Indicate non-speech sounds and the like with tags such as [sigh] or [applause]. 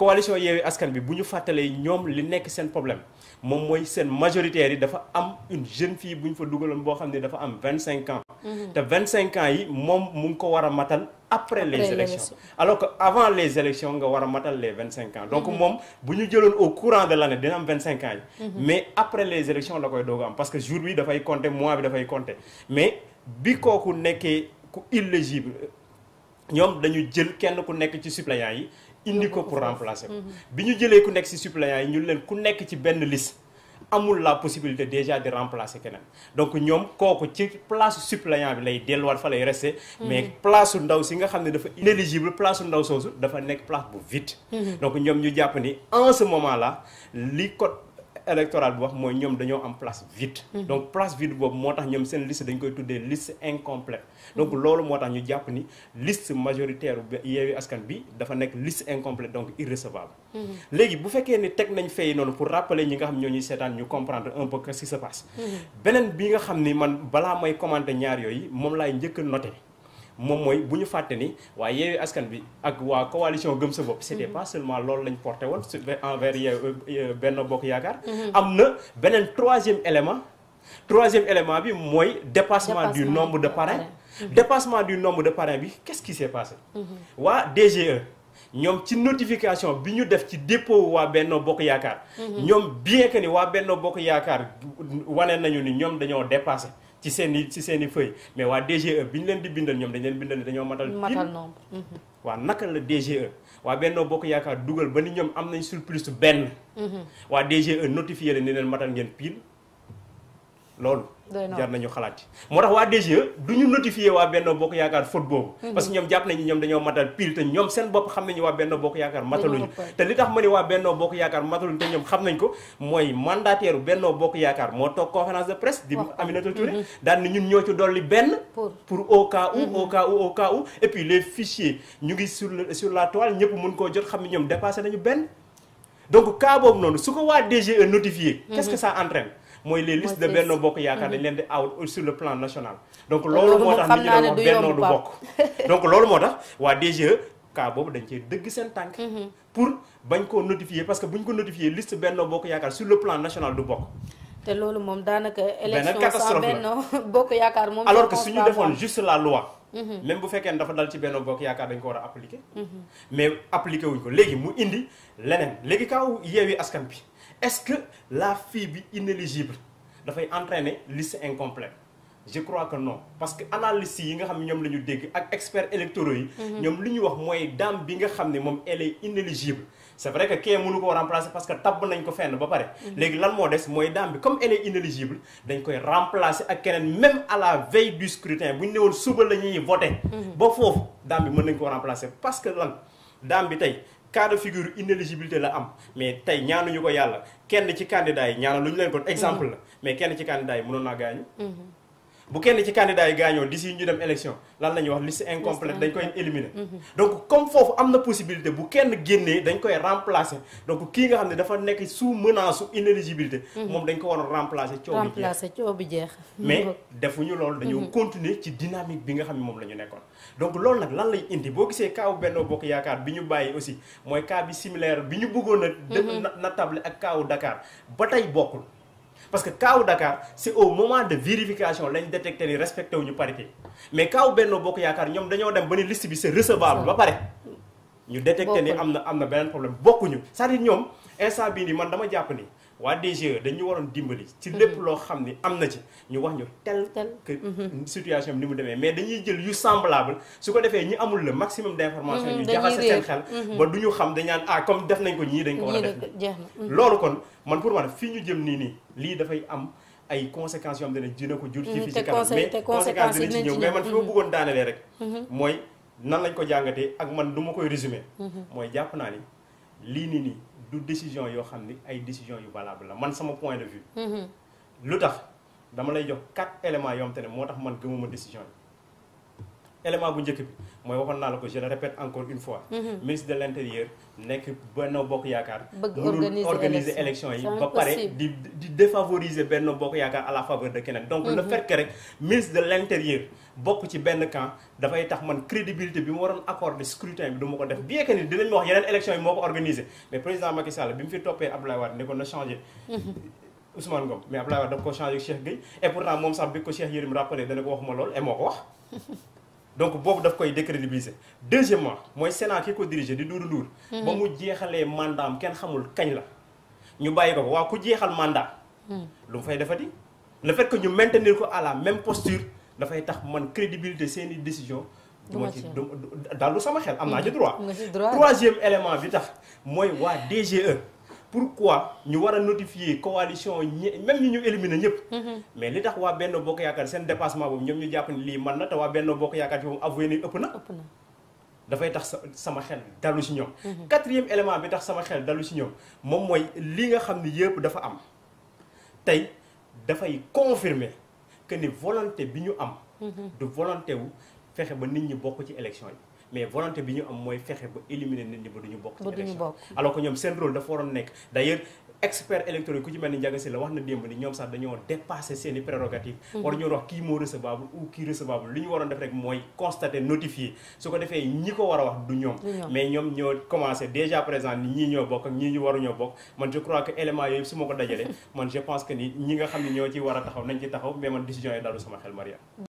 coalition Yewwi Askan bi bu ñu fàttalee ñoom li nekk seen problème moom mooy seen majoritaire yi dafa am une jeune fille bu ñu fa dugaloon boo xam ne dafa am vingt cinq ans mhm. te vingt cinq ans yi moom mu ngi ko war a matal après les élections alors que avant les élections nga war a matal les vingt cinq ans donc mhm. moom bu ñu jëloon au courant de l'année dina am vingt cinq ans yi mhm. mais après les élections la koy doog am parce que jour bi dafay compter mois bi mais bi kooku nekkee ku éligible ñoom dañu jël kenn ku nekk ci suppléant yi indi ko pour remplacer ko. Mhm. bi ñu jëlee ku nekk ci suppléants yi ñu leen ku nekk ci benn liste. amul la possibilité déjà de remplacer keneen donc ñoom kooku ci place suppléant bi lay delluwaat fa lay resté mhm. mais place ndaw si nga xam ne dafa inéligible place ndaw soosu dafa nekk place bu vide mhm. donc ñoom ñu jàpp ni en moment la li code électorale bi wax mooy ñoom dañoo am place vide. Mhm. donc place vide boobu moo tax ñoom seen liste dañ koy tuddee liste incomplète. donc mhm. loolu moo tax ñu jàpp ni liste majoritaire Yewwi Askan bi dafa nekk liste incomplète donc irrecevable. Mhm. léegi bu fekkee ni teg nañ fay noonu pour rappeler ñi nga xam ñoo ñuy seetaan ñu comprendre un peu ce qui se passe. beneen bi nga xam ni man balaa may commander ñaar yooyu moom laay njëkk a noté. moom mooy bu ñu fàtte ni waaye yeewee askan bi ak waa coalition gëm sa bopp c'était mm-hmm. pas seulement loolu lañ porté woon envers yeew euh, euh, benn bokk yaakaar mm-hmm. am na beneen troisième élément troisième élément bi mooy dépassement du nombre de parrains mm-hmm. dépassement du nombre de parrains bi qu'est-ce qui s'est passé waa DGE ñoom ci notification bi ñu def ci dépo waa Benno Bokk Yaakaar. Mhm. ñoom bien que ni waa Benno Bokk Yaakaar wane nañu ni ñoom dañoo dépassé ci seen ci seen i feuille mais waa DGE bi ñu leen di bindal ñoom dañ leen bindal ni dañoo matal. matal nombre mhm. waa naka la DGE. waa Benno Bokk Yaakaar dugal ba ni ñoom am nañ surplus benn. Mhm. waa DGE notifié la ni leen matal ngeen pile. loolu jar nañu xalaat yi moo tax waa DGE du ñu notifié waa Benno Bokk Yaakaar faute boobu mm-hmm. parce que ñoom jàpp nañu ñoom dañoo matal pile te ñoom seen bopp xam nañu waa Benno Bokk Yaakaar mataluñu te ma ne waa Benno Bokk Yaakaar mataluñu te ñoom xam nañ ko mooy mandataire Benno Bokk Yaakaar moo toog conférence de presse di Aminata Touré mm-hmm. daal ni ñun ñoo ci dolli benn pour mm-hmm. au cas où au cas où au et puis les fichiers ñu ngi sur sur la toile ñëpp mun koo jot xam ne ñoom dépassé nañu benn donc cas boobu noonu su ko waa DGE notifié ce que ça entraîne mooy les listes de Benno Bokk Yaakaar mhm. dañ leen di out sur le plan national donc loolu moo tax nit ñi doon wax bokk donc loolu moo tax waa DGE cas boobu dañ cee dëgg seen tànk mhm. pour bañ koo notifier parce que buñ ko notifier liste Benno Bokk Yaakaar sur le plan national du bokk te loolu moom daanaka élection sans [laughs] Bokk Yaakaar moom alors que suñu defoon juste la loi mhm. même bu fekkee ne dafa dal ci Benno Bokk Yaakaar dañ ko war a appliquer mais appliqué ko léegi mu indi leneen léegi kaw yeewi askan bi est-ce que la fille bi inéligible dafay entraîner liste incomplète je crois que no parce que analyse yi nga xam ne ñoom la ñu dégg ak experts électoraux yi. Mhm. ñoom li ñu wax mooy dame bi nga xam ne moom elle est inéligible. c'est vrai que kee mënu ko remplacer parce que tabb nañ ko fenn ba pare. Mhm. léegi lan moo des mooy dame bi comme elle est dañ koy remplacer ak keneen même à la veille du scrutin bu ñu newoon suba la ñuy voter. Mhm. ba foofu dame bi mën nañ ko remplacer parce que lan dame bi tey. cas de figure inéligibilité la am mais tey ñaanuñu ko yàlla kenn ci candidat yi ñaana lu ñu leen kon exemple la mm-hmm. mais kenn ci candidat yi mënoon naa gaañu mm-hmm. bu kenn ci candidat gaañoo gaañoo d'ici ñu dem élection lan la ñuy wax liste incomplète dañ koy éliminer mhm. donc comme foofu am na possibilité bu kenn génnee dañ koy remplacer donc kii nga xam ne dafa nekk sous menace su inéligibilité mhm. moom dañ ko war a remplacer coow bi jeex coow bi jeex mais mhm. defuñu loolu dañoo continuer ci dynamique bi nga xam ne moom la ñu nekkoon donc loolu nag lan lay indi boo gisee kaaw Benno Bokk Yaakaar bi ñu bàyyi aussi mooy cas bi similaire bi ñu bëggoon a natable ak kaawu Dakar ba tey bokkul parce que kaaw Dakar c'est au moment de vérification lañ détecté ni respecté wuñu parité mais kaaw Benno Bokk Yaakaar ñoom dañoo dem ba ni liste bi c'est recevable ba pare ñu détecté ni am na am na beneen problème bokkuñu cest à ñoom instant bii nii man dama jàpp nii waa DGE dañu waroon dimbali. ci mm-hmm. lépp loo xam ni am na ci ñu wax ñu tel que mm-hmm. situation bi ni mu demee mais dañuy jël yu semblable su ko defee ñi amul le maximum d'information mm-hmm. ñu jaxase seen xel ba du ñu xam dañ naan ah comme def nañ ko ñii dañ ko war a def loolu kon man pour man fii ñu jëm nii nii lii dafay am ay conséquences yoo xam ne ko jur. ci fii ci kanam mais conséquences dina ci ñëw mais man fi ma bëggoon rek. mooy nan lañ ko jàngatee ak man du ma koy résumer. mooy jàpp naa ni lii nii nii. du décision yoo xam ni ay décision yu valable la man sama point de vue. Mm-hmm. lu tax dama lay jox quatre éléments yoo xam moo tax man gëmuma décision yi. élément bu njëkk bi mooy waxoon naa la ko je le répète encore une fois mm-hmm. ministre de l' intérieur nekk Benno Bokk Yaakaar mënul organiser élection yi ba pare di défavoriser Benno Bokk Yaakaar à la faveur de keneen donc le mm-hmm. fait rek ministre de l' bokk ci benn camp dafay tax man crédibilité bi mu waroon accorder scrutin bi du ma ko def bien que ni dinañ wax yeneen élection yi moo ko organiser mais président Macky Sall bi mu fi toppee Abdoulaye Wade ne ko na mm-hmm. lool et moo [laughs] donc boobu daf koy décrédibiliser deuxièmement mooy Sénat ki ko diriger di Doudou Ndour hmm. ba mu jeexalee mandaam kenn xamul kañ la ñu bàyyi ko ko waaw ku jeexal mandat hmm. lu mu fay defati di fait fekk ñu maintenir ko à la même posture dafay tax man crédibilité seeni décision du ma ci daal dalu sama xel am naa hmm. ci droit troisième élément bi tax mooy waa DGE pour pourquoi ñu war a notifier coalition ñe même ñi ñu éliminer ñëpp. Mm-hmm. mais li tax waa benn bokk yaakaar seen dépassement boobu ñoom ñu jàpp ni lii mën na te waa benn bokk yaakaar ci moom avoué ni ëpp na. dafay tax sama xel dalu ci ñoom. Mm-hmm. quatrième élément bi tax sama xel dalu si ñoom moom mooy li nga xam ni yëpp dafa am tey dafay confirmer que ni volonté bi ñu am. Mm-hmm. du volonté wu fexe ba nit ñi bokk ci élection yi. mais volonté bi ñu am mooy fexe ba éliminer nit ñi ba duñu bokk ci élection alors que ñoom seen rôle dafa waroon nekk d'ailleurs expert électoraux ku ci mel ni Ndiaga Sylla wax na démb ni ñoom sax dañoo dépassé seen i prérogatives mhm. war ñoo wax kii moo recevable ou kii recevable li ñu waroon def rek mooy constater notifier su ko defee ñi ko war a wax du ñoom mais ñoom ñoo commencé déjà présent ni ñii ñoo bokk ak ñii ñu waruñoo bokk man je crois que élément yooyu su ma ko dajalee [laughs] man je pense ni ñi nga xam ne ñoo ci war a taxaw nañ taxaw mais man décision yi dalu